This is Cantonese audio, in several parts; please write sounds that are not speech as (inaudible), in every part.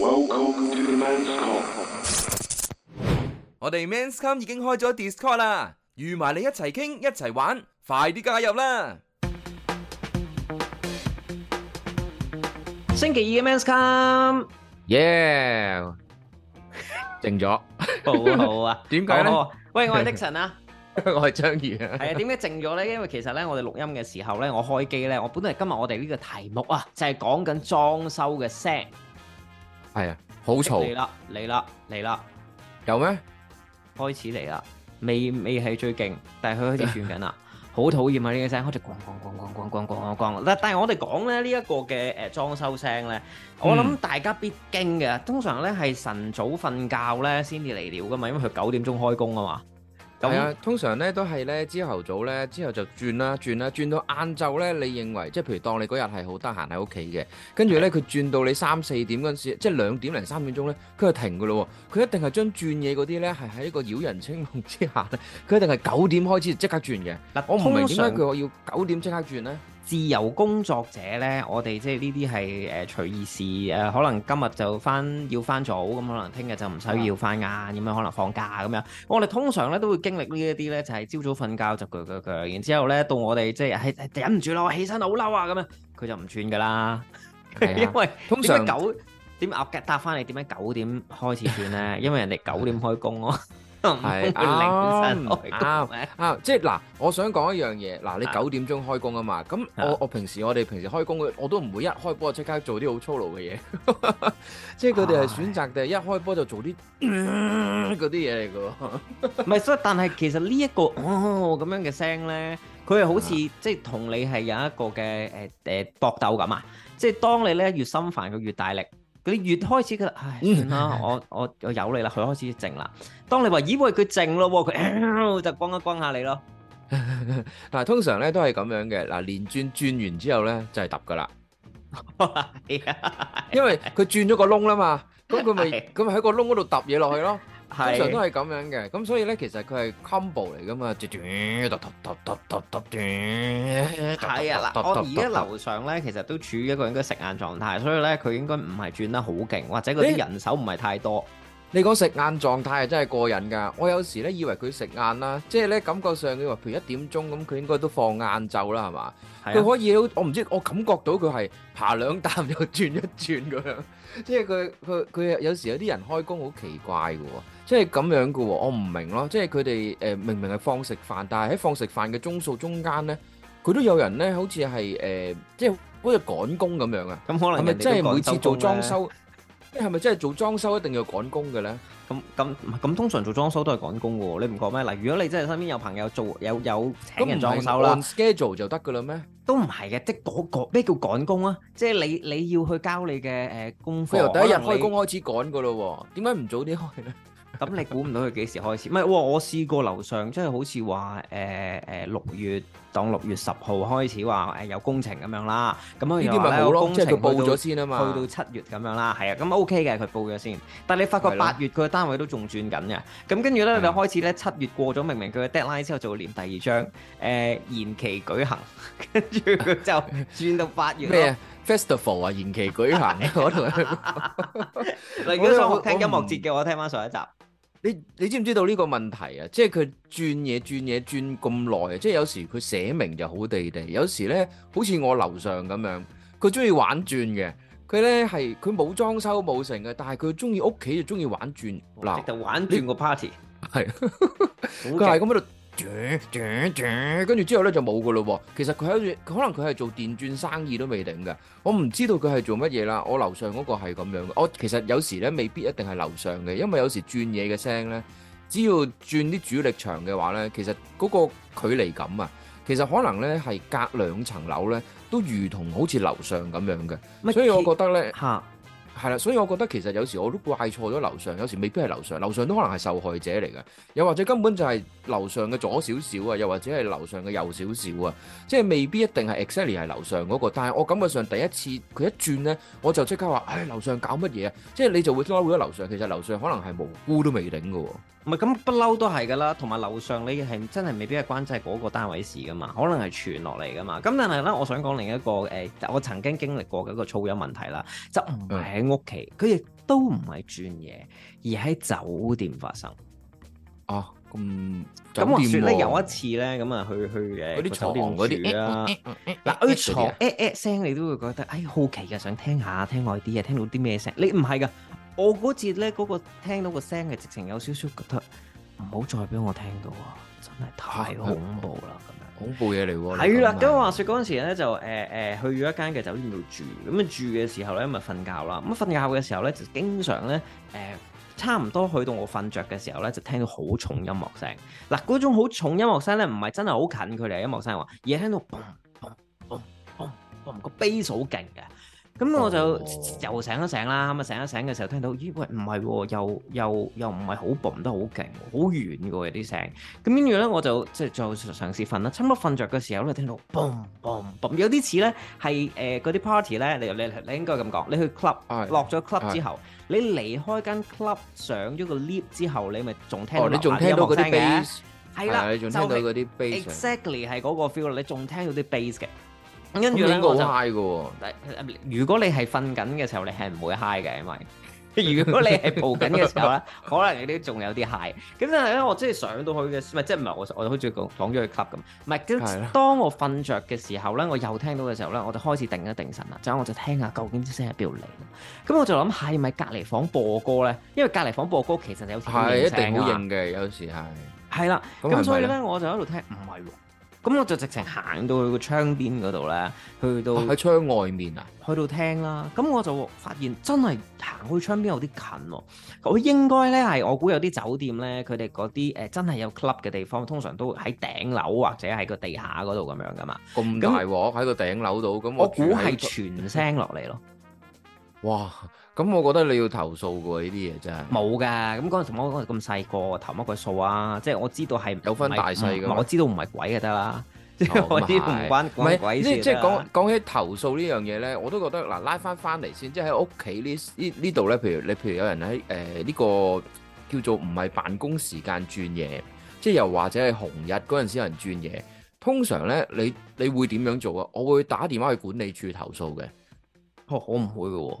Welcome to the Men's Come。我哋 Men's Come 已經開咗 Discord 啦，預埋你一齊傾一齊玩，快啲加入啦！星期二嘅 Men's Come，yeah，靜咗，好啊好啊，點解咧？喂，我係的神啊，我係章魚啊，係啊，點解靜咗咧？因為其實咧，我哋錄音嘅時候咧，我開機咧，我本來今日我哋呢個題目啊，就係講緊裝修嘅聲。係啊，好嘈，嚟啦，嚟啦，嚟啦，有咩？開始嚟啦，未，未係最勁，但係佢開始轉緊啦，好討厭啊呢個聲，開始咣咣咣咣咣咣咣咣，但係我哋講咧呢一個嘅，誒裝修聲咧，我諗大家必經嘅，通常咧係晨早瞓覺咧先至嚟料噶嘛，因為佢九點鐘開工啊嘛。係啊，通常咧都係咧，朝頭早咧之後就轉啦，轉啦，轉到晏晝咧。你認為即係譬如當你嗰日係好得閒喺屋企嘅，跟住咧佢轉到你三四點嗰陣時，即係兩點零三點鐘咧，佢就停噶咯。佢一定係將轉嘢嗰啲咧，係喺一個擾人清夢之下咧，佢一定係九點開始即刻轉嘅。通我唔明點解佢要九點即刻轉咧？自由工作者呢，我哋即係呢啲係誒隨意事誒、啊，可能今日就返要返早，咁可能聽日就唔使對要返晏，咁樣可能放假咁樣。我哋通常呢都會經歷呢一啲呢，就係、是、朝早瞓覺就鋸鋸鋸，然之後呢到我哋即係忍唔住啦，我起身好嬲啊咁樣，佢就唔轉噶啦。的 (laughs) 因為通常九點鴨腳搭翻嚟，點解九點開始轉呢？ (laughs) 因為人哋九點開工咯。 (laughs) (laughs) 係啊啊啊！即係嗱，我想講一樣嘢。嗱，你九點鐘開工啊嘛？咁我我平時我哋平時開工，我都唔會一開波即刻做啲好粗魯嘅嘢。即係佢哋係選擇定係一開波就做啲嗰啲嘢嚟噶？唔係，但係其實呢一個哦咁樣嘅聲咧，佢係好似即係同你係有一個嘅誒誒搏鬥咁啊！即係當你咧越心煩，佢越大力。佢越開始佢，唉，算啦，我我我由你啦，佢開始靜啦。當你話以為佢靜咯，佢就光一光下你咯。嗱， (laughs) 通常咧都係咁樣嘅。嗱，連轉轉完之後咧就係揼噶啦。因為佢轉咗個窿啦嘛，咁佢咪咁喺個窿嗰度揼嘢落去咯。是通常都係咁樣嘅，咁所以咧，其實佢係 combo 嚟噶嘛，係啊。嗱、嗯，我而家樓上咧， (noise) 其實都處於一個應該食晏狀態，所以咧，佢應該唔係轉得好勁，或者嗰啲人手唔係太多。欸、你講食晏狀態係真係過癮噶，我有時咧以為佢食晏啦，即係咧感覺上你話譬如一點鐘咁，佢應該都放晏晝啦，係嘛？佢、啊、可以我唔知，我感覺到佢係爬兩啖又轉一轉咁樣，即係佢佢佢有時有啲人開工好奇怪嘅。即係咁樣嘅喎，我唔明咯。即係佢哋誒明明係放食飯，但係喺放食飯嘅鐘數中間咧，佢都有人咧，好似係誒，即係好似趕工咁樣啊！咁可能係咪即係每次做裝修？即係咪即係做裝修一定要趕工嘅咧？咁咁咁通常做裝修都係趕工嘅喎，你唔覺咩？嗱，如果你真係身邊有朋友做，有有請人裝修啦，schedule 就得嘅嘞咩？都唔係嘅，即嗰個咩叫趕工啊？即係你你要去交你嘅誒工費，第一日開工開始趕嘅咯喎，點解唔早啲開咧？咁你估唔到佢幾時開始？唔係喎，我試過樓上，即係好似話誒誒六月，當六月十號開始話誒、呃、有工程咁樣啦。咁啊，有啲咪好咯，即報咗先啊嘛，去到七月咁樣啦。係啊，咁 OK 嘅，佢報咗先。但係你發覺八月佢個單位都仲轉緊嘅。咁跟住咧，呢的你開始咧七月過咗，明明佢個 deadline 之後就會連第二張誒延期舉行，跟住佢就轉到八月咩？Festival 啊，延期舉行。嗱， (laughs) 如果想聽音樂節嘅，我聽翻上一集。你你知唔知道呢個問題啊？即係佢轉嘢轉嘢轉咁耐啊！即係有時佢寫明就好地地，有時咧好似我樓上咁樣，佢中意玩轉嘅。佢咧係佢冇裝修冇成嘅，但係佢中意屋企就中意玩轉嗱，就玩轉個 party 係佢係咁樣。跟住之後呢就冇噶咯。其實佢好似，可能佢係做電轉生意都未定嘅。我唔知道佢係做乜嘢啦。我樓上嗰個係咁樣。我其實有時呢未必一定係樓上嘅，因為有時轉嘢嘅聲呢，只要轉啲主力牆嘅話呢，其實嗰個距離感啊，其實可能呢係隔兩層樓呢，都如同好似樓上咁樣嘅。所以我覺得呢。吓麼。 (laughs) 係啦，所以我覺得其實有時我都怪錯咗樓上，有時未必係樓上，樓上都可能係受害者嚟嘅，又或者根本就係樓上嘅左少少啊，又或者係樓上嘅右少少啊，即係未必一定係 exactly 係樓上嗰個。但係我感覺上第一次佢一轉呢，我就即刻話，唉，樓上搞乜嘢啊？即係你就會嬲咗樓上。其實樓上可能係無辜都未定嘅喎。唔係咁，不嬲都係㗎啦，同埋樓上你係真係未必係關曬嗰個單位事㗎嘛，可能係傳落嚟㗎嘛。咁但係呢，我想講另一個誒，我曾經經歷過嗰個噪音問題啦，就唔屋企佢亦都唔係轉嘢，而喺酒店發生。哦、啊，咁咁我講咧有一次咧，咁啊去去嘅嗰啲床嗰啲嗱啲床誒誒聲，你都會覺得哎好奇噶，想聽下聽耐啲啊，聽到啲咩聲？你唔係噶，我嗰次咧嗰個聽到個聲嘅，直情有少少覺得唔好再俾我聽到啊，真係太恐怖啦咁。恐怖嘢嚟喎。係啦，咁話説嗰陣時咧，就誒誒去咗一間嘅酒店度住，咁啊住嘅時候咧，咪瞓覺啦。咁瞓覺嘅時候咧，就經常咧誒，差唔多去到我瞓着嘅時候咧，就聽到好重音樂聲。嗱，嗰種好重音樂聲咧，唔係真係好近佢哋嘅音樂聲喎，而係聽到嘭嘭嘭嘭，個 bass 好勁嘅。咁我就又醒一醒啦，咁啊醒一醒嘅時候，聽到咦，喂，唔係喎，又又又唔係好 boom 得好勁，好遠嘅喎啲聲。咁跟住咧我就即係再嘗試瞓啦。差唔多瞓著嘅時候咧，聽到 boom boom boom，有啲似咧係誒嗰啲 party 咧，你你你，應該咁講，你去 club，落咗 club 之後，你離開間 club 上咗個 lift 之後，你咪仲聽到有啲 bass，係啦，仲聽到嗰啲 bass，exactly 係嗰個 feel，你仲聽到啲 bass 嘅。跟住咧，我都 high 嘅。但係如果你係瞓緊嘅時候，你係唔會 high 嘅，因為如果你係播緊嘅時候咧，可能你都仲有啲 high。咁但係咧，我即係上到去嘅，咪即係唔係我？我好似講咗去 club 咁，唔係。咁當我瞓著嘅時候咧，我又聽到嘅時候咧，我就開始定一定神啦。就我就聽下究竟啲聲喺邊度嚟。咁我就諗下，係咪隔離房播歌咧？因為隔離房播歌其實有時係一定好認嘅，有時係係啦。咁所以咧，我就喺度聽，唔係喎。咁我就直情行到去個窗邊嗰度咧，去到喺、啊、窗外面啊，去到廳啦。咁我就發現真係行去窗邊有啲近喎，哦。我應該咧，係我估有啲酒店咧，佢哋嗰啲誒真係有 club 嘅地方，通常都喺頂樓或者喺個地下嗰度咁樣噶嘛。咁大鑊喺個頂樓度，咁我估係傳聲落嚟咯。哇！咁我覺得你要投訴過，呢啲嘢真係冇㗎。咁嗰陣時我咁細個，我投乜鬼訴啊？即係我知道係有分大細嘅。我知道唔係鬼就得啦，呢啲唔關鬼事。即係講講起投訴呢樣嘢咧，我都覺得嗱，拉翻翻嚟先。即係喺屋企呢呢呢度咧，譬如你譬如有人喺誒呢個叫做唔係辦公時間轉嘢，即係又或者係紅日嗰陣時有人轉嘢，通常咧你你會點樣做啊？我會打電話去管理處投訴嘅。我我唔會噶喎。Oh,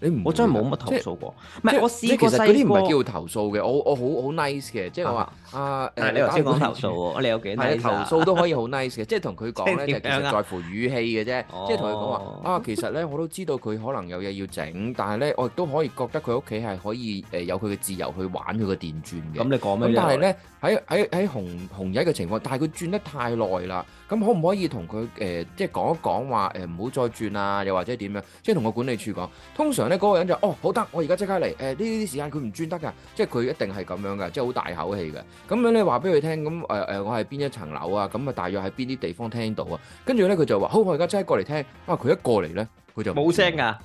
你唔我真係冇乜投訴過，即係我試過，其實嗰啲唔係叫投訴嘅，我我好好 nice 嘅，即係我話啊誒，你話先投訴喎，你有幾多？係啊，投訴都可以好 nice 嘅，即係同佢講咧，其實在乎語氣嘅啫。即係同佢講話啊，其實咧我都知道佢可能有嘢要整，但係咧我亦都可以覺得佢屋企係可以誒有佢嘅自由去玩佢個電鑽嘅。咁你講咩？但係咧喺喺喺紅紅日嘅情況，但係佢轉得太耐啦。咁可唔可以同佢誒即係講一講話誒唔好再轉啊？又或者點樣？即係同個管理處講，通常。咧嗰個人就哦，好得，我而家即刻嚟。誒呢啲時間佢唔轉得噶，即係佢一定係咁樣噶，即係好大口氣噶。咁樣你話俾佢聽，咁誒誒，我係邊一層樓啊？咁啊，大約喺邊啲地方聽到啊？跟住咧，佢就話：好，我而家即刻過嚟聽。啊，佢一過嚟咧，佢就冇聲噶。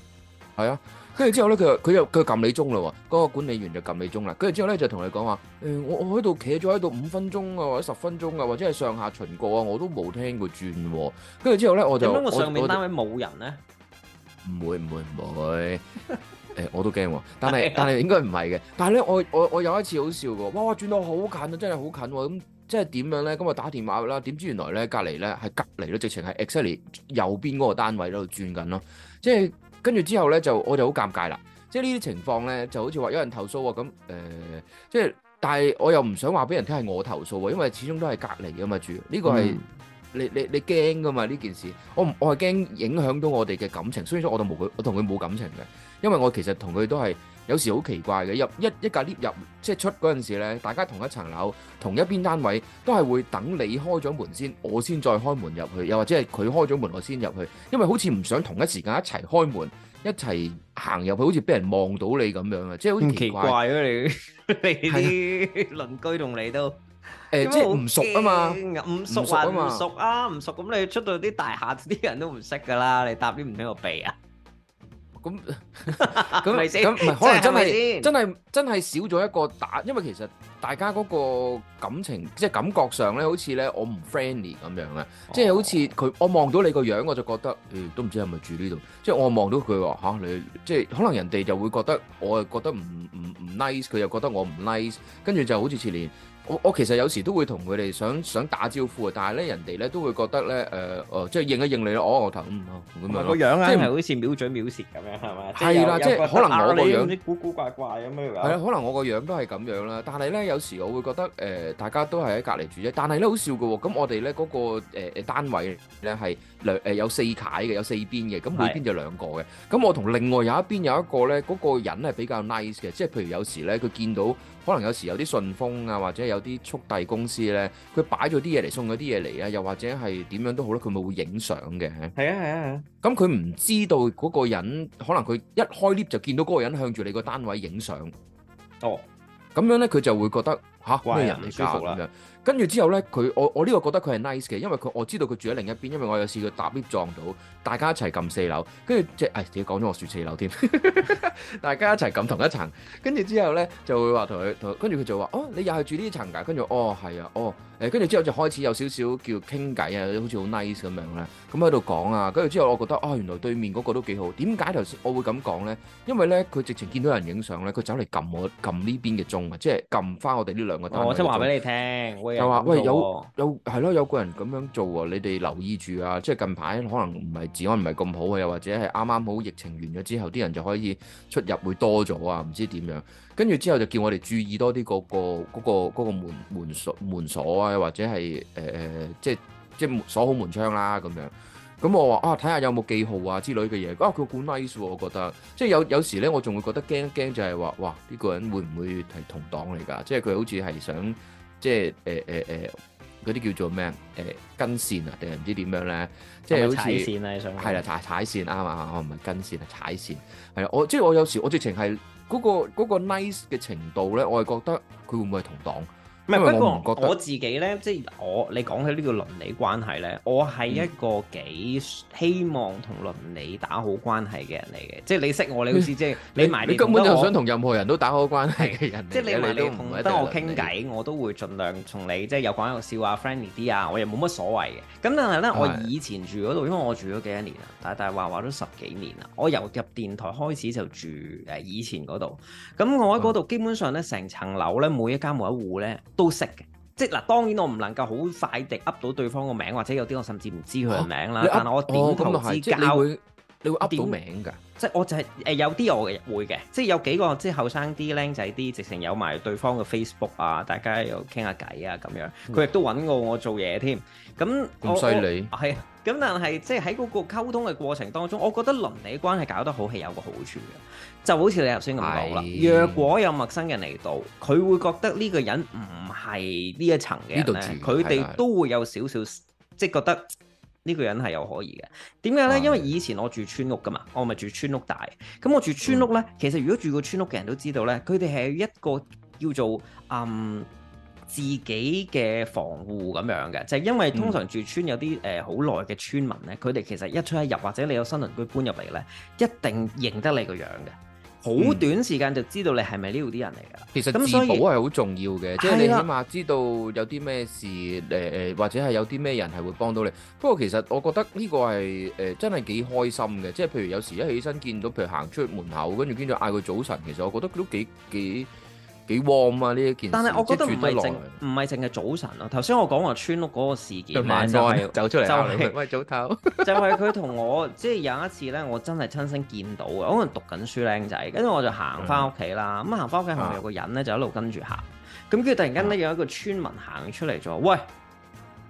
係啊，跟住、啊、之後咧，佢又佢又佢撳你鐘嘞。嗰、嗰個管理員就撳你鐘啦。跟住之後咧，就同你講話誒，我我喺度企咗喺度五分鐘啊，或者十分鐘啊，或者係上下巡過啊，我都冇聽佢轉。跟住之後咧，我就、嗯嗰個、上面單位冇人咧？唔會唔會唔會，誒、 (laughs) 欸、我都驚喎，但係 (laughs) 但係應該唔係嘅，但係咧我我我有一次好笑嘅，哇轉到好近啊，真係好近喎，咁、嗯、即係點樣咧？咁、嗯、啊打電話啦，點知原來咧隔離咧係隔離咯，直情係 X 軸右邊嗰個單位喺度轉緊咯，即係跟住之後咧就我就好尷尬啦，即係呢啲情況咧就好似話有人投訴喎，咁、嗯、誒、呃、即係但係我又唔想話俾人聽係我投訴喎，因為始終都係隔離㗎嘛主要呢個係。嗯你你你驚噶嘛，呢件事？我我係驚影響到我哋嘅感情，所以我就冇佢，我同佢冇感情嘅，因為我其實同佢都係有時好奇怪嘅，入一一架 lift 入即係出嗰陣時咧，大家同一層樓同一邊單位都係會等你開咗門先，我先再開門入去，又或者係佢開咗門我先入去，因為好似唔想同一時間一齊開門一齊行入去，好似俾人望到你咁樣啊，即係好奇怪，奇怪啊。你你啲鄰居同你都。的 (laughs) 誒，即係唔熟啊嘛，唔熟還唔熟啊，唔熟咁你出到啲大廈，啲人都唔識噶啦，你搭啲唔喺度避啊？咁咁咪先？唔係可能真係真係真係少咗一個打，因為其實大家嗰個感情即係感覺上咧，好似咧我唔 friendly 咁樣啊，即係好似佢我望到你個樣我就覺得，誒都唔知係咪住呢度？即係我望到佢話吓你，即係可能人哋就會覺得我又覺得唔唔唔 nice，佢又覺得我唔 nice，跟住就好似前年。我我其實有時都會同佢哋想想打招呼啊，但係咧人哋咧都會覺得咧誒誒，即係認啊認你咯，攞我頭咁啊咁樣。個樣硬係好似藐嘴藐舌咁樣係咪？係啦，即係可能我個樣有啲古古怪怪咁樣。係啦，可能我個樣都係咁樣啦，但係咧有時我會覺得誒大家都係喺隔離住啫。但係咧好笑嘅喎，咁我哋咧嗰個誒誒單位咧係兩誒有四棟嘅，有四邊嘅，咁每邊就兩個嘅。咁我同另外有一邊有一個咧嗰個人係比較 nice 嘅，即係譬如有時咧佢見到可能有時有啲信封啊，或者有啲速遞公司咧，佢擺咗啲嘢嚟，送咗啲嘢嚟啊，又或者係點樣都好啦，佢咪會影相嘅。係啊係啊，咁佢唔知道嗰個人，可能佢一開 lift 就見到嗰個人向住你個單位影相。哦，咁 (music) 樣咧，佢就會覺得吓咩、啊、喂人嚟噶，咁樣。跟住之後咧，佢我我呢個覺得佢係 nice 嘅，因為佢我知道佢住喺另一邊，因為我有試過搭 lift 撞到，大家一齊撳四樓，跟住即係自己講咗我住四樓添， (laughs) 大家一齊撳同一層。跟住之後咧，就會話同佢跟住佢就話哦，你又係住呢層㗎？跟住哦係啊，哦誒，跟、欸、住之後就開始有少少叫傾偈啊，好似好 nice 咁樣咧，咁喺度講啊。跟住之後我覺得哦，原來對面嗰個都幾好。點解頭先我會咁講咧？因為咧佢直情見到人影相咧，佢走嚟撳我撳呢邊嘅鐘啊，即係撳翻我哋呢兩個單、哦。我先話俾你聽。又話喂，有有係咯，有個人咁樣做喎，你哋留意住啊！即係近排可能唔係治安唔係咁好啊，又或者係啱啱好疫情完咗之後，啲人就可以出入會多咗啊，唔知點樣。跟住之後就叫我哋注意多啲、嗰個、嗰個嗰個嗰個門門鎖門鎖啊，或者係誒誒，即係即係鎖好門窗啦咁樣。咁、嗯、我話啊，睇下有冇記號啊之類嘅嘢。哇、啊，佢好 nice 喎，我覺得。即係有有時咧，我仲會覺得驚一驚，就係話哇，呢、呢個人會唔會係同黨嚟㗎？即係佢好似係想。即係誒誒誒，嗰、欸、啲、欸欸、叫做咩啊？誒、欸，跟線啊，定係唔知點樣咧？即係好似係啦，踩踩 (music) 線啱啊！我唔係跟線，係踩線。係啦，我即係我有時我直情係嗰個嗰、嗰個 nice 嘅程度咧，我係覺得佢會唔會係同黨？唔係，不過我自己咧，即係我你講起呢個鄰里關係咧，我係一個幾希望同鄰里打好關係嘅人嚟嘅。嗯、即係你識我，你好似你即係你埋，你根本就想同任何人都打好關係嘅人。即係你埋，你同得我傾偈，我都會盡量同你即係又講又笑啊，friendly 啲啊，我又冇乜所謂嘅。咁但係咧，是的 我以前住嗰度，因為我住咗幾多年啦，大大話話都十幾年啦。我由入電台開始就住誒以前嗰度。咁我喺嗰度基本上咧，成層樓咧，每一間，每一戶咧。都識嘅，即係嗱，當然我唔能夠好快地噏到對方個名，或者有啲我甚至唔知佢個名啦。啊、但係我點同佢交，你會噏點到名㗎、就係。即係我就係誒有啲我會嘅，即係有幾個即係後生啲僆仔啲，直情有埋對方嘅 Facebook 啊，大家又傾下偈啊咁樣。佢亦都揾我我做嘢添，咁咁犀利。係我，咁但係即係喺嗰個溝通嘅過程當中，我覺得鄰里關係搞得好係有個好處嘅。就好似你頭先咁講啦。是若果有陌生人嚟到，佢會覺得呢個人唔係呢一層嘅，佢哋都會有少少，的即係覺得呢個人係有可疑嘅。點解呢？的因為以前我住村屋噶嘛，我咪住村屋大。咁我住村屋呢，嗯、其實如果住個村屋嘅人都知道呢，佢哋係一個叫做嗯自己嘅防護咁樣嘅，就係、是、因為通常住村有啲誒好耐嘅村民呢，佢哋、嗯、其實一出一入或者你有新鄰居搬入嚟呢，一定認得你個樣嘅。好短時間就知道你係咪呢度啲人嚟㗎。其實自保係好重要嘅，即係、嗯、你起碼知道有啲咩事，誒誒的、呃，或者係有啲咩人係會幫到你。不過其實我覺得呢個係誒、呃、真係幾開心嘅，即係譬如有時一起身見到，譬如行出門口，跟住跟住嗌佢早晨。其實我覺得都幾幾。幾 warm 啊！呢一件事，但係我覺得唔係淨唔係淨係早晨咯。頭先我講話村屋嗰個事件，走就係、是、走出嚟嚇你，就係、是、早頭， (laughs) 就係佢同我，即係有一次咧，我真係親身見到嘅。我嗰陣讀緊書，僆仔，跟住我就行翻屋企啦。咁行翻屋企後面、啊、有個人咧，就一路跟住行。咁跟住突然間咧，啊、有一個村民行出嚟咗，喂，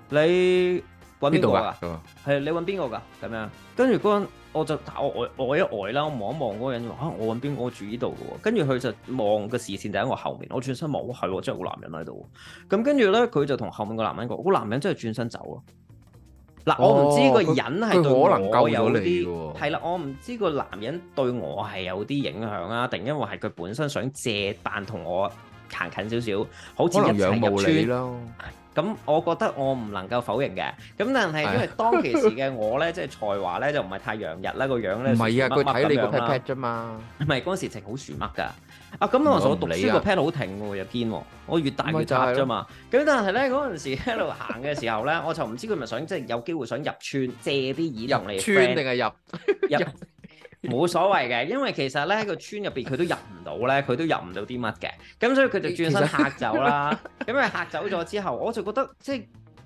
你揾邊個㗎？係、啊、你揾邊個㗎？咁樣，跟住嗰。我就打我呆呆一呆啦，我望一望嗰個人，話嚇、啊、我揾邊個住呢度嘅喎，跟住佢就望個視線就喺我後面，我轉身望，哇係，真係個男人喺度，咁跟住咧佢就同後面個男人講，個男人真係轉身走咯。嗱、哦，我唔知個人係對我有啲，係啦，我唔知個男人對我係有啲影響啊，定因為係佢本身想借但同我行近少少，好似一齊入村咯。咁、嗯、我覺得我唔能夠否認嘅，咁但係因為當其時嘅我咧， (laughs) 即係才華咧就唔係太陽日啦個樣咧，唔係啊，佢睇蜜你個 pat 啫嘛，唔係嗰陣時情好鼠乜噶，啊咁我我讀書個 pat 好停喎又堅喎，我越大越渣啫嘛，咁 (laughs) 但係咧嗰陣時喺度行嘅時候咧， (laughs) 我就唔知佢咪想即係、就是、有機會想入村借啲耳嚟。入 (laughs) 冇 (laughs) 所謂嘅，因為其實呢，喺個村入邊佢都入唔到呢佢都入唔到啲乜嘅。咁所以佢就轉身嚇走啦。咁啊其實 嚇走咗之後，我就覺得即係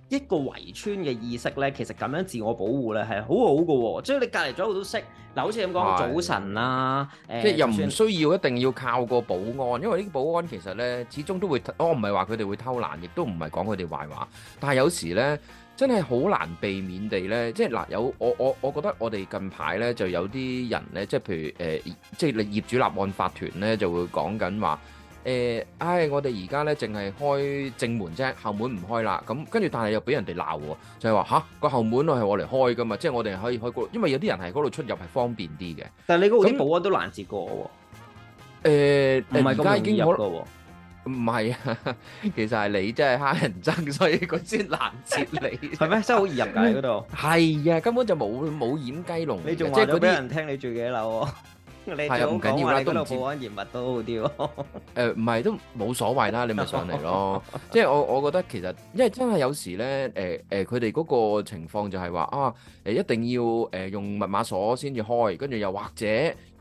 一個圍村嘅意識呢，其實咁樣自我保護呢係好好㗎喎。即係你隔離咗好多識嗱，好似咁講早晨啦、啊，的呃、即係又唔需要一定要靠個保安，因為呢個保安其實呢，始終都會，我唔係話佢哋會偷懶，亦都唔係講佢哋壞話，但係有時呢。真係好難避免地咧，即係嗱，有我我我覺得我哋近排咧就有啲人咧，即係譬如誒、呃，即係你業主立案法團咧就會講緊話誒，唉、呃哎，我哋而家咧淨係開正門啫，後門唔開啦。咁跟住，但係又俾人哋鬧喎，就係話吓，個、啊、後門我係我嚟開噶嘛，即係我哋可以開過，因為有啲人喺嗰度出入係方便啲嘅。但係你嗰度保安都攔截過我喎。誒，唔係而家已經有咗喎。呃唔係啊，其實係你真係蝦人憎，所以佢先攔截你係咩？真係好易入㗎喺嗰度。係啊，根本就冇冇掩雞籠。你仲話咗俾人聽你住幾樓？係啊，唔緊要啦，都保安嚴密都好啲喎。誒唔係都冇所謂啦，你咪上嚟咯。即係我我覺得其實，因為真係有時咧，誒誒，佢哋嗰個情況就係話啊，誒一定要誒用密碼鎖先至開，跟住又或者。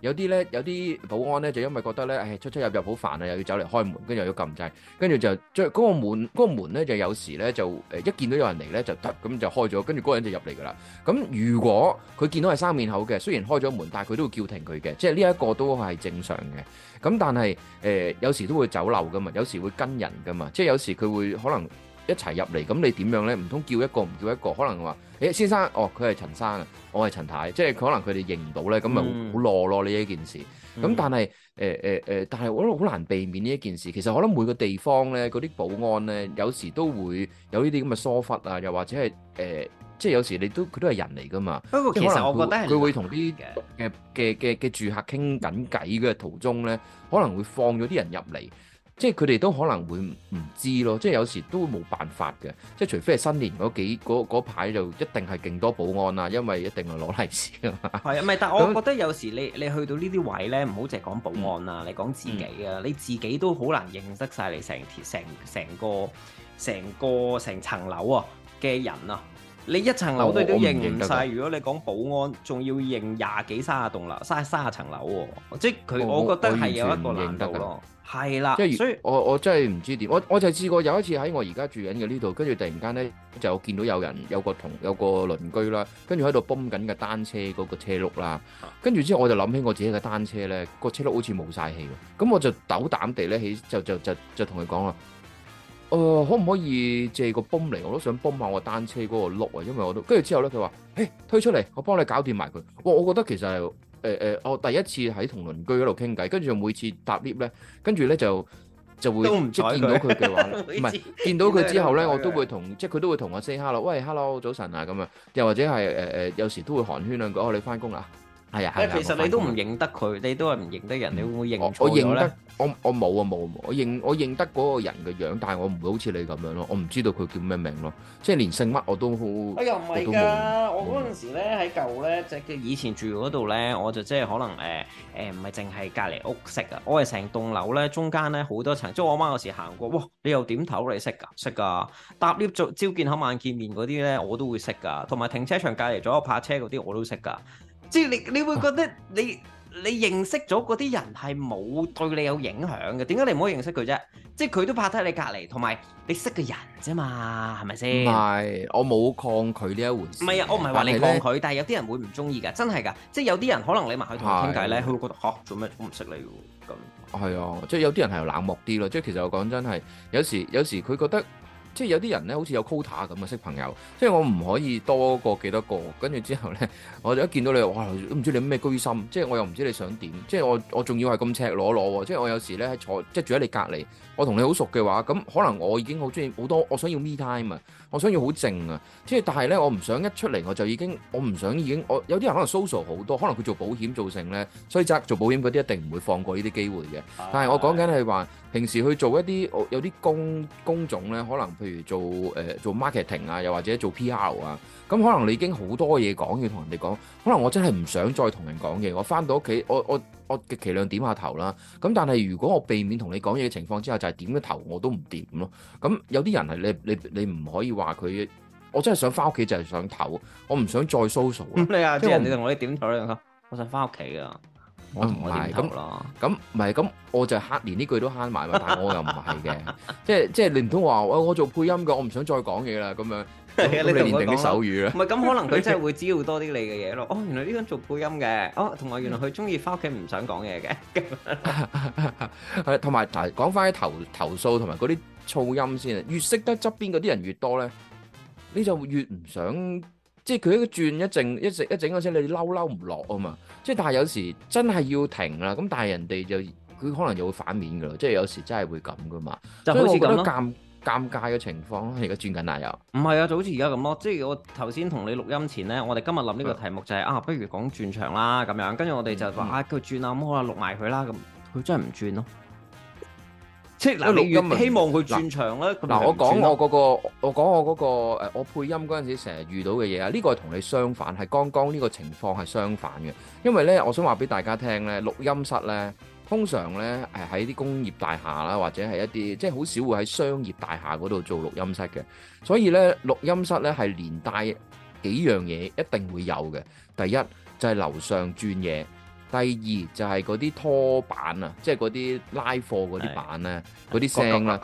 有啲咧，有啲保安咧就因為覺得咧，唉、哎、出出入入好煩啊，又要走嚟開門，跟住又要撳掣，跟住就將嗰、那個門嗰個門嗰、嗰個門咧就有時咧就誒一見到有人嚟咧就突咁就開咗，跟住嗰個人就入嚟噶啦。咁如果佢見到係生面口嘅，雖然開咗門，但係佢都會叫停佢嘅，即係呢一個都係正常嘅。咁但係誒、呃、有時都會走漏噶嘛，有時會跟人噶嘛，即係有時佢會可能。一齊入嚟，咁你點樣咧？唔通叫一個唔叫一個？可能話：，誒、欸、先生，哦佢係陳生啊，我係陳太，即係佢可能佢哋認唔到咧，咁咪好攞咯呢一件事。咁但係誒誒誒，但係我覺得好難避免呢一件事。其實我諗每個地方咧，嗰啲保安咧，有時都會有呢啲咁嘅疏忽啊，又或者係誒、呃，即係有時你都佢都係人嚟噶嘛。不過其實我覺得係佢會同啲嘅嘅嘅嘅住客傾緊偈嘅途中咧，可能會放咗啲人入嚟。即係佢哋都可能會唔知咯，即係有時都冇辦法嘅，即係除非係新年嗰幾嗰排就一定係勁多保安啦、啊，因為一定係攞利是啊嘛。係啊，咪、啊、但係我覺得有時你你去到呢啲位咧，唔好淨係講保安啊，嗯、你講自己啊，嗯、你自己都好難認識晒你成成成個成個成層樓啊嘅人啊。你一層樓都都認唔晒？認如果你講保安，仲要認廿幾卅棟樓，三卅層樓喎，即係佢，我，我覺得係有一個難度，係啦。即係是所以，我我真係唔知點，我我就試過有一次喺我而家住緊嘅呢度，跟住突然間咧就見到有人有個同有個鄰居啦，跟住喺度泵緊嘅單車嗰個車轆啦，跟住之後我就諗起我自己嘅單車咧，個車轆好似冇晒氣喎，咁我就斗膽地咧起就就就就同佢講啦。誒，可唔可以借個泵嚟？我都想泵下我單車嗰個碌啊，因為我都跟住之後咧，佢話，誒，推出嚟，我幫你搞掂埋佢。哇、哦！我覺得其實係誒誒，我第一次喺同鄰居嗰度傾偈，跟住每次搭 lift 咧，跟住咧就就會，會即係見到佢嘅話，唔係 (laughs) 次見到佢之後咧，都我都會同即係佢都會同我 say hello，喂，hello，早晨啊咁樣，又或者係誒誒，有時都會寒暄兩句，講、哦、我你翻工啦。係啊，誒，其實你都唔認得佢，嗯、你都係唔認得人，我你會唔會認錯咗咧？我我冇啊冇我認我認得嗰個人嘅樣,樣，但係我唔會好似你咁樣咯，我唔知道佢叫咩名咯，即係連姓乜我都好。哎呀，唔係㗎，我嗰陣時咧喺舊咧，即係以前住嗰度咧，我就即係可能誒誒，唔係淨係隔離屋識啊，我係成棟樓咧中間咧好多層，即係我媽,媽有時行過，哇，你又點頭你識㗎，識㗎，搭 lift 早朝見口晚見面嗰啲咧我都會識㗎，同埋停車場隔離咗，個泊車嗰啲我都識㗎。即係你，你會覺得你你認識咗嗰啲人係冇對你有影響嘅，點解你唔好認識佢啫？即係佢都拍得喺你隔離，同埋你識嘅人啫嘛，係咪先？唔係，我冇抗拒呢一回事。唔係啊，我唔係話你抗拒，但係有啲人會唔中意㗎，真係㗎。即係有啲人可能你埋去同佢傾偈咧，佢的會覺得嚇、啊、做咩我唔識你喎咁。係啊，即係有啲人係冷漠啲咯。即係其實我講真係，有時有時佢覺得。即係有啲人咧，好似有 quota 咁嘅識朋友，即係我唔可以多過幾多個。跟住之後咧，我就一見到你，哇，都唔知你咩居心。即係我又唔知你想點。即係我我仲要係咁赤裸裸喎。即係我有時咧喺坐，即係住喺你隔離，我同你好熟嘅話，咁可能我已經好中意好多，我想要 me time 啊，我想要好靜啊。即係但係咧，我唔想一出嚟我就已經，我唔想已經，我有啲人可能 social 好多，可能佢做保險造成咧，所以真係做保險嗰啲一定唔會放過呢啲機會嘅。但係我講緊係話。平時去做一啲有啲工工種咧，可能譬如做誒、呃、做 marketing 啊，又或者做 PR 啊，咁、嗯、可能你已經好多嘢講要同人哋講，可能我真係唔想再同人講嘢。我翻到屋企，我我我極其量點下頭啦。咁、嗯、但係如果我避免同你講嘢嘅情況之下，就係、是、點個頭我都唔掂咯。咁、嗯、有啲人係你你你唔可以話佢，我真係想翻屋企就係想唞，我唔想再 social。咁你啊，即係你同我你點頭啦，我想翻屋企啊！我唔係咁咁唔係咁，我就慳連呢句都慳埋嘛。但係我又唔係嘅，即係即係你唔通話，我我做配音嘅，我唔想再講嘢啦咁樣。 (laughs) 啊、那你練定啲手語咧？唔係咁可能佢真係會知好多啲你嘅嘢咯。哦，原來呢個人做配音嘅。哦，同埋原來佢中意翻屋企唔想講嘢嘅。係，同埋誒講翻啲投投訴同埋嗰啲噪音先啊！越識得側邊嗰啲人越多咧，你就越唔想。即係佢一轉一整一整一整嗰陣，你嬲嬲唔落啊嘛！即係但係有時真係要停啦，咁但係人哋就佢可能就會反面噶咯，即係有時真係會咁噶嘛，就好似咁咯。尷尬嘅情況，而家轉緊奶又。唔係啊，就好似而家咁咯，即係我頭先同你錄音前咧，我哋今日諗呢個題目就係、是、的啊，不如講轉場啦咁樣，跟住我哋就話、嗯、啊，佢轉啊，咁好啊，錄埋佢啦咁，佢真係唔轉咯。即希望佢轉場咧。嗱啦，唔係唔係我講我嗰個，我講我嗰個誒，我配音嗰陣時成日遇到嘅嘢啊，呢個係同你相反，係剛剛呢個情況係相反嘅。因為咧，我想話俾大家聽咧，錄音室咧，通常咧係喺啲工業大廈啦，或者係一啲即係好少會喺商業大廈嗰度做錄音室嘅。所以咧，錄音室咧係連帶幾樣嘢一定會有嘅。第一就係樓上轉嘢。第二就係嗰啲拖板啊，即係嗰啲拉貨嗰啲板咧，嗰啲聲啦，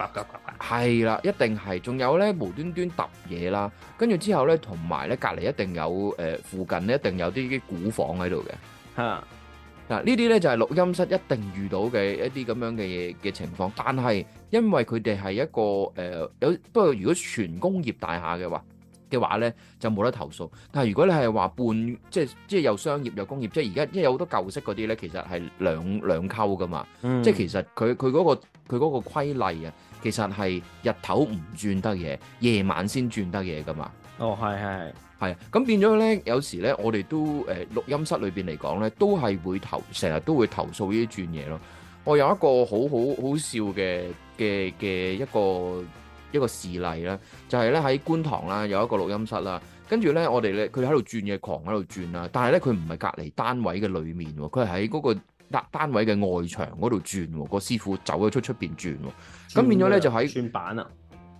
係啦，一定係。仲有咧，無端端揼嘢啦，跟住之後咧，同埋咧隔籬一定有誒、呃，附近咧一定有啲啲古房喺度嘅。嚇嗱的，呢啲咧就係、是、錄音室一定遇到嘅一啲咁樣嘅嘢嘅情況。但係因為佢哋係一個誒，有、呃、不過如，如果全工業大廈嘅話。嘅話咧就冇得投訴，但係如果你係話半即係即係又商業又工業，即係而家即係有好多舊式嗰啲咧，其實係兩兩溝噶嘛，嗯、即係其實佢佢嗰個佢嗰個規例啊，其實係日頭唔轉得嘢，夜晚先轉得嘢噶嘛。哦，係係係啊，咁變咗咧，有時咧我哋都誒、呃、錄音室裏邊嚟講咧，都係會投成日都會投訴呢啲轉嘢咯。我有一個好好好笑嘅嘅嘅一個。一個事例啦，就係咧喺觀塘啦，有一個錄音室啦，跟住咧我哋咧佢喺度轉嘅狂喺度轉啦，但係咧佢唔係隔離單位嘅裏面喎，佢係喺嗰個單位嘅外牆嗰度轉喎，個師傅走咗出出邊轉喎，咁的變咗咧就喺、係，轉板啊，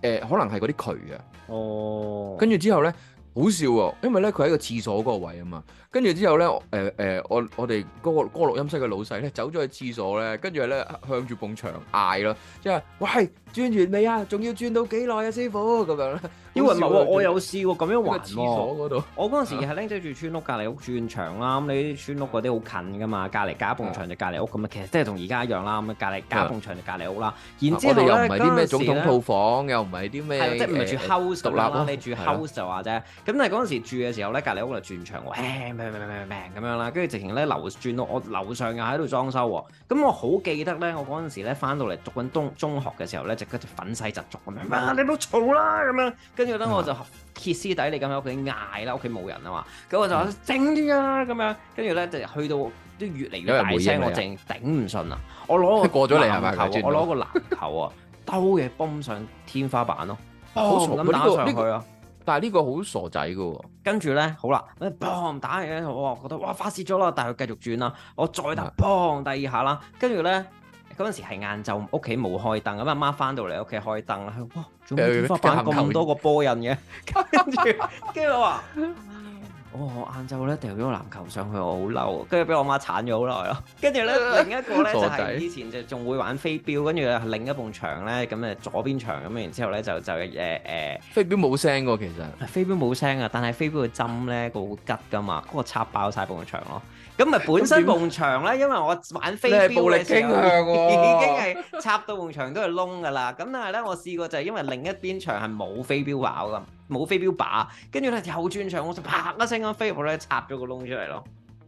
誒、呃、可能係嗰啲渠啊，哦，跟住之後咧。好笑喎、哦，因為咧佢喺個廁所嗰個位啊嘛，跟住之後咧，誒、呃、誒、呃、我我哋嗰、那個嗰錄音室嘅老細咧走咗去廁所咧，跟住係咧向住埲牆嗌咯，即係喂轉完未啊？仲要轉到幾耐啊？師傅咁樣啦。唔係我有試過，咁樣還喎。嗯、廁所我嗰陣時係拎仔住村屋隔離屋轉牆啦。咁你啲村屋嗰啲好近噶嘛，隔離加一棟牆就隔離屋。咁啊，其實即係同而家一樣啦。咁隔離加一棟牆就隔離屋啦。然之後、嗯、又唔係啲咩總統套房，又唔係啲咩，即唔係住 house 獨立咯、啊？你住 house 就話啫。咁但係嗰陣時住嘅時候咧，隔離屋就轉牆，咩咩咩咩咩咁樣啦。跟住直情咧，樓轉到我樓上又喺度裝修喎。咁我好記得咧，我嗰陣時咧翻到嚟讀緊中中學嘅時候咧，就跟住粉細窒俗咁樣，哇！你好嘈啦咁樣，跟。跟住咧我就歇斯底里咁喺屋企嗌啦，屋企冇人啊嘛，咁我就話整啲啊咁樣，跟住咧就去到都越嚟越大聲，我淨頂唔順啊，我攞個過咗嚟係咪？我攞個籃球啊，兜嘅，泵上天花板咯，好傻打上去啊！但係呢個好傻仔噶，跟住咧好啦 bang 打嘢，我覺得哇發洩咗啦，但係佢繼續轉啦，我再打 bang 第二下啦，跟住咧。嗰陣時係晏晝，屋企冇開燈，咁阿媽翻到嚟屋企開燈，哇，做咩翻咁多個波印嘅？跟住跟住我話，我晏晝咧掉咗個籃球上去，我好嬲，跟住俾我媽鏟咗好耐咯。跟住咧另一個咧就係、是、以前就仲會玩飛鏢，跟住另一埲牆咧咁誒左邊牆咁，然之後咧就就誒誒、呃、 (laughs) 飛鏢冇聲㗎，其實飛鏢冇聲啊，但係飛鏢嘅針咧個好吉㗎嘛，嗰、那個插爆晒埲牆咯。咁咪本身埲牆咧，因為我玩飛鏢，暴力傾向啊、 (laughs) 已經係插到埲牆都係窿噶啦。咁但係咧，我試過就係因為另一邊牆係冇飛鏢靶㗎，冇飛鏢靶，跟住咧又轉牆，我就啪一聲飛個飛鏢咧插咗個窿出嚟咯。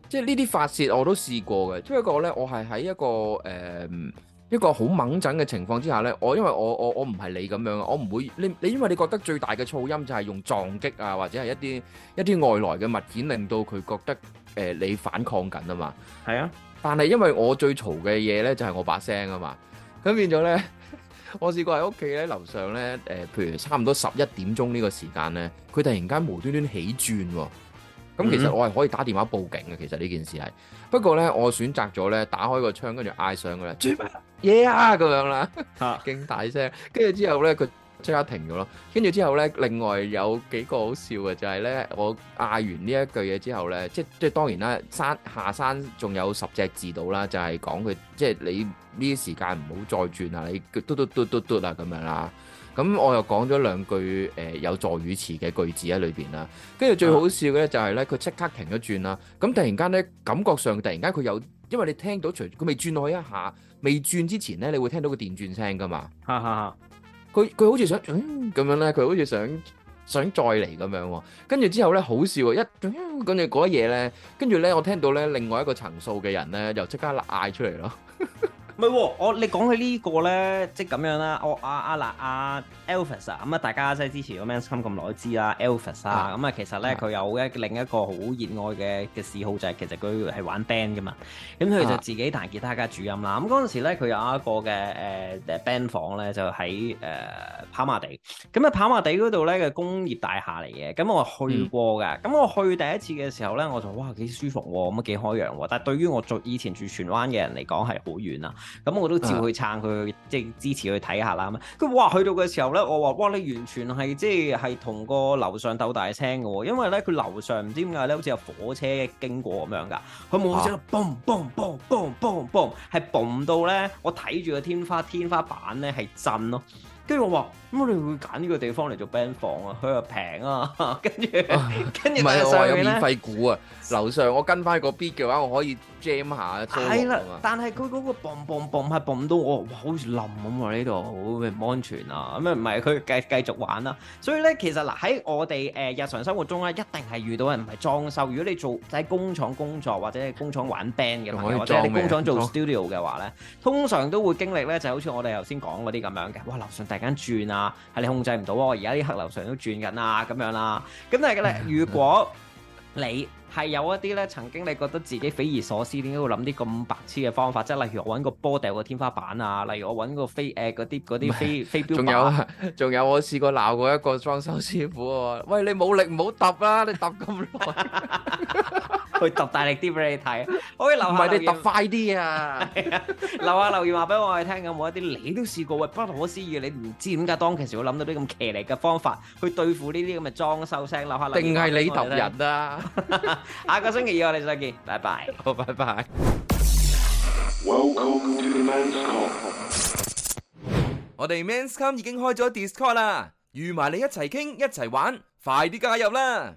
即係呢啲發洩我都試過嘅。另一個咧，我係喺一個誒。嗯一個好猛震嘅情況之下呢，我因為我我我唔係你咁樣我唔會，你你因為你覺得最大嘅噪音就係用撞擊啊，或者係一啲一啲外來嘅物件令到佢覺得誒、呃、你反抗緊啊嘛。係啊，但係因為我最嘈嘅嘢呢，就係、是、我把聲啊嘛，咁變咗呢，我試過喺屋企呢，樓上呢，誒、呃，譬如差唔多十一點鐘呢個時間呢，佢突然間無端端起轉喎、啊，咁其實我係可以打電話報警嘅，其實呢件事係不過呢，我選擇咗呢，打開個窗跟住嗌上嘅咧。耶、yeah, 啊！咁樣啦，勁大聲。跟住之後咧，佢即刻停咗咯。跟住之後咧，另外有幾個好笑嘅就係咧，我嗌完呢一句嘢之後咧，即即當然啦，山下山仲有十隻字到啦，就係、是、講佢即係你呢啲時間唔好再轉啦，你嘟嘟嘟嘟嘟啦咁樣啦。啊。咁我又講咗兩句誒、呃、有助語詞嘅句子喺裏邊啦，跟住最好笑嘅咧，就係咧，佢即刻停咗轉啦，咁突然間咧，感覺上突然間佢有，因為你聽到隨佢未轉落去一下，未轉之前咧，你會聽到個電轉聲㗎嘛，佢佢 (laughs) 好似想咁、嗯、樣咧，佢好似想想再嚟咁樣喎，跟住之後咧好笑一，跟住嗰嘢咧，跟住咧我聽到咧另外一個層數嘅人咧又即刻嗌出嚟咯。我你講起呢、呢個呢，即係咁樣啦。我阿阿嗱阿 Elvis 啊，咁啊，啊，啊 Elvis，大家即係支持我 Men's Come 咁耐知啦，Elvis 啊，咁啊其實呢，佢有一另一個好熱愛嘅嘅嗜好就係其實佢係玩 band 㗎嘛。咁、嗯、佢就自己彈吉他加主音啦。咁嗰陣時呢佢有一個嘅誒 band 房呢，就喺誒跑馬地。咁啊跑馬地嗰度呢，嘅工業大廈嚟嘅。咁我去過㗎。咁、嗯、我去第一次嘅時候呢，我就哇幾舒服喎、啊，咁啊幾開揚喎。但係對於我以前住荃灣嘅人嚟講係好遠啊。咁我都照去撐佢，即係支持佢睇下啦。咁佢哇，去到嘅時候咧，我話哇，你完全係即係係同個樓上鬥大聲嘅喎，因為咧佢樓上唔知點解咧，好似有火車經過咁樣㗎。佢冇聲，嘣嘣嘣嘣嘣嘣，係嘣到咧，我睇住個天花天花板咧係震咯。跟住我話，咁我哋會揀呢個地方嚟做 band 房啊？佢話平啊。跟住跟住，唔係我有免費股啊。樓上我跟翻個 bid 嘅話，我可以。jam 下，係啦，但係佢嗰個嘣嘣嘣係嘣到我，哇好似冧咁喎呢度，好唔、啊、安全啊！咁啊唔係，佢繼繼續玩啦、啊。所以咧，其實嗱喺我哋誒、呃、日常生活中咧，一定係遇到人唔係裝修。如果你做喺工廠工作或者喺工廠玩 band 嘅，或者喺工廠做 studio 嘅話咧，通常都會經歷咧，就好似我哋頭先講嗰啲咁樣嘅。哇，樓上突然間轉啊，係你控制唔到啊！而家啲黑樓上都轉緊啊，咁樣啦。咁但係咧，如果 (laughs) 你係有一啲咧，曾經你覺得自己匪夷所思，點解會諗啲咁白痴嘅方法？即係例如我揾個波掉個天花板啊，例如我揾個飛誒嗰啲嗰啲飛，唔係，飛標板，仲有啊，仲有我試過鬧過一個裝修師傅啊，喂，你冇力唔好揼啦，你揼咁耐。 (laughs) 去揼大力啲俾你睇，可以留下留。唔係你揼快啲啊！ (laughs) 留下留言話俾我哋聽，有冇一啲你都試過，不可思議，你唔知點解當其時會諗到啲咁騎呢嘅方法去對付呢啲咁嘅裝修聲？留下留言。定係你揼人啊！ (laughs) 下個星期二我哋再見，拜拜。好，拜拜。Welcome to the Men's Come。我哋 Men's Come 已經開咗 Discord 啦，預埋你一齊傾，一齊玩，快啲加入啦！